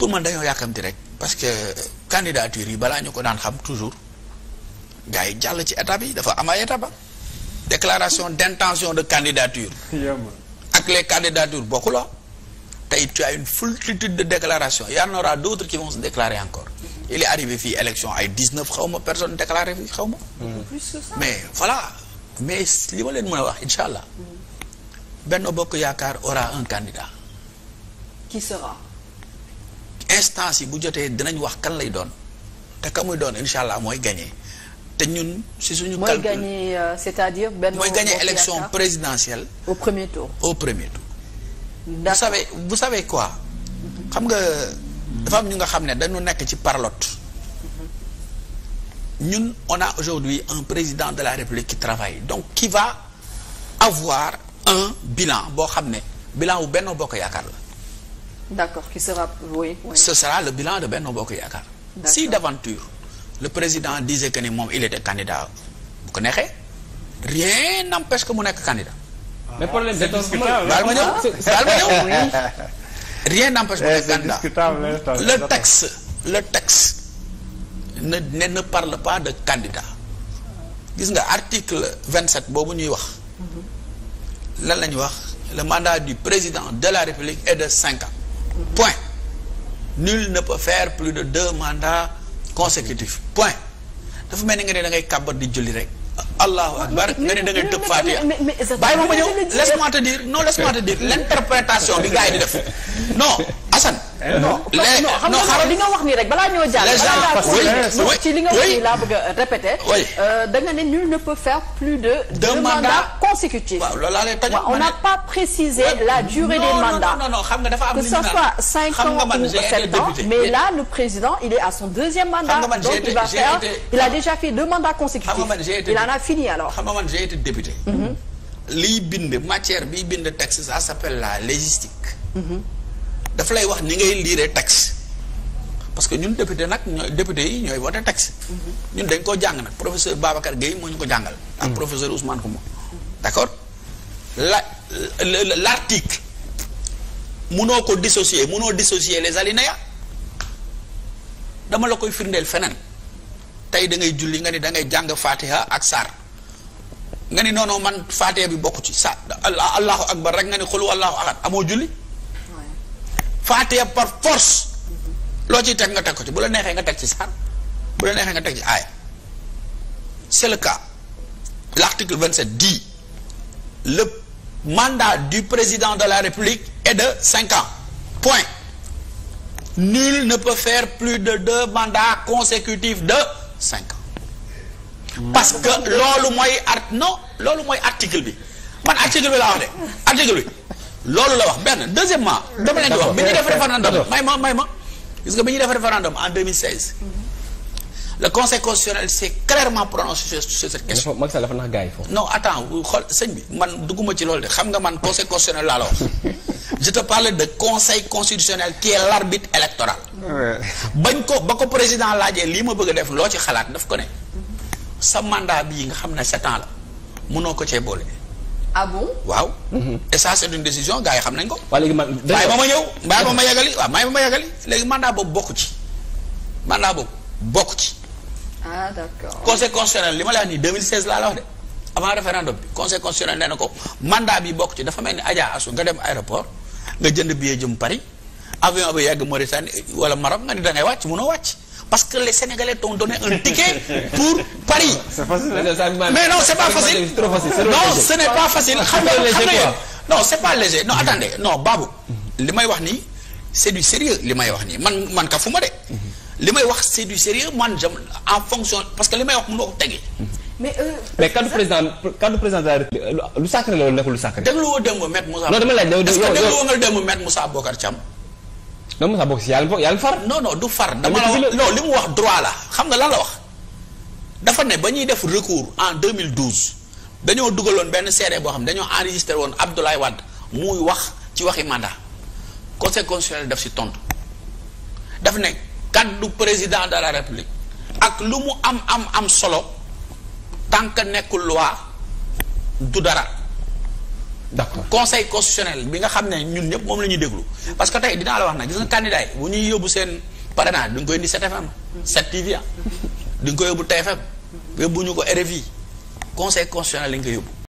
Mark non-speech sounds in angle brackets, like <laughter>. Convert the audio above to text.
pour man dañoo yàkkamti rek parce que candidature yi balaa ñu ko daan xam toujours gars yi jàll ci état yi dafa am ay étape ah. déclaration <laughs> d'intention de candidature ak les candidatures bokku la ah. tey tu ay une foultitude de déclarations y en aura d'autres qui vont déclarer encore il est arrivé fii élection ay 19 xaw ma personne déclaré fii xaw hmm. mais voilà mais li ma leen mën a wax insha allah hmm. Benno Bokk Yaakaar aura un candidat instance yi bu jotee dinañ wax kan lay doon te ka muy doon incha allah mooy gagné te ñun si suñu. calcul mooy gagné euh, c'est-à-dire benn mooy gagné élection présidentielle. au premier tour au premier tour. vous savez vous savez quoi. xam nga dafa ñu nga xam ne dañu nekk ci parlotte. ñun on a aujourd'hui un président de la République qui travaille donc qui va avoir un bilan boo xam ne bilan wu Benno Bokk Yaakaar la. d'accord qui sera oui, ce sera le bilan de Benno Bokk Yaakaar si d'aventure le président disait que ni moom il était candidat bu ko neexee rien n'empêche que mu nekk candidat ah. mais baal ma ñëw baal ma ñëw <laughs> rien n'empêche mu eh, nekk candidat le texte le texte ne ne ne parle pas de candidat gis nga article boobu ñuy wax mhm. lan la ñuy wax le mandat du président de la République et de cinq ans point nul ne peut plus de deux mandats consécutifs point dafa mel ni nga ne da ngay di julli rek allahu akbar nga ne da ngay tëb Fatiha bàyyi ma ma ñëw laisse-moi te dire non laisse-moi te dire <laughs> l'interprétation bi gars yi di def non Assane. Eh, non non xam li nga wax nii rek balaa ñoo jàll. balaa ci li nga wax nii laa euh, nul ne peut faire plus de. deux mandats consécutifs. on n'a pas précisé la durée des mandats. non non xam nga dafa am que ça soit cinq ans ou sept ans mais là le président il est à son deuxième a déjà fait deux mandats consécutifs. il en a fini alors. xam nga man j'ai été député. Mm-hmm. liy bind matière biy bind texte ça s'appelle la légistique. Mm-hmm. dafa lay wax ni ngay liire texte parce que ñun député nag ñooy député yi ñooy voté texte mhm. ñun dañ koo jàng nag professeur Babacar Gueye moo ñu ko jàngal ak mhm. professeur Ousmane Kouma d'accord la l'article munoo ko dissocier munoo dissocier les alinéas dama la koy firndeel feneen tey da ngay julli nga ni da ngay jàng fatiha ak saar nga ni noonu man fatiha bi bokku ci sa allahu akbar rek nga ni xulu allahu ahad amoo julli faatiya par force loo ciy teg nga teg ko ci bu la neexee nga teg ci saar bu la neexee nga teg ci aaya c'est le cas l'article 27 dit le mandat du président de la République est de cinq ans point nul ne peut faire plus de deux mandats consécutifs de cinq ans parce que loolu mooy art non loolu mooy article bi man article bi laa wax de article bi loolu la wax benn deuxièmement dama leen di wax bi ñuy def référendum may ma may ma gis nga bi ñuy def référendum en 2016 le conseil constitutionnel s'est clairement prononcé sur cette question. Macky Sall dafa nax gars yi foofu. loolu de xam nga man conseil constitutionnel laa la wax <laughs> je te de conseil constitutionnel qui est l'arbitre électoral. bañ ko ba ko président laajee lii ma bëgg a def loo ci xalaat daf ko ne. sa mandat bii nga xam ne sept ans la mënoo ko cee boole. ah waaw. Mhm. et ça c' une décision gaa yi xam nañ ko. waaw léegi man bàyyi ma ma ñëw bàyyi ma ma yeggali waaw bàyyi ma ma yeggali léegi mandat boobu bokk ci mandat boobu bokk ci. ah d' conseil constitutionnel li ma laa nii 2016 laa la wax de avant référendum bi conseil constitutionnel nee na ko mandat bi bokk ci dafa mel ni Adja Assou nga dem aéroport nga jënd billet jëm Paris avion bi yegg Mauritanie wala Maroc nga ni da ngay wàcc munoo wàcc. parce que les Sénégalais t'ont donné un ticket pour Paris. <laughs> mais non c'est pas facile. non ce pas facile. non c'est pas léger non attendez non Babou. li may wax nii c'est du sérieux li may wax nii man man fu ma de. li may wax c'est du sérieux man jam en fonction parce que li may wax mënoo ko tege. mais euh, mais kaddu président kaddu président daal euh, lu sacré la wala nekkul lu sacré. dégluwoo démb Maître Moussa. non dama laaj dégluwoo est non Moussa bokk si yàlla yàlla far. non du far. dama la loo non li mu wax droit la xam nga lan la wax. dafa ne ba ñuy def recours en 2012 dañoo dugaloon benn CD boo xam ne dañoo enregistré woon Abdoulaye Wade muy wax ci waxi mandat conseil constitutionnel def si tontu daf ne kaddu président de la république ak lu mu am am am solo tant que nekkul loi du dara. d'accord conseil constitutionnel bi nga xam ne ñun ñëpp moom la ñuy déglu. parce que tey dinaa la wax nag gis nga candidat yi bu ñuy yóbbu seen parrainage du nga koy indi 7FM. 7TV ah. du nga koy yóbbu TFM. ñu ko RFI conseil constitutionnel lañ koy yóbbu.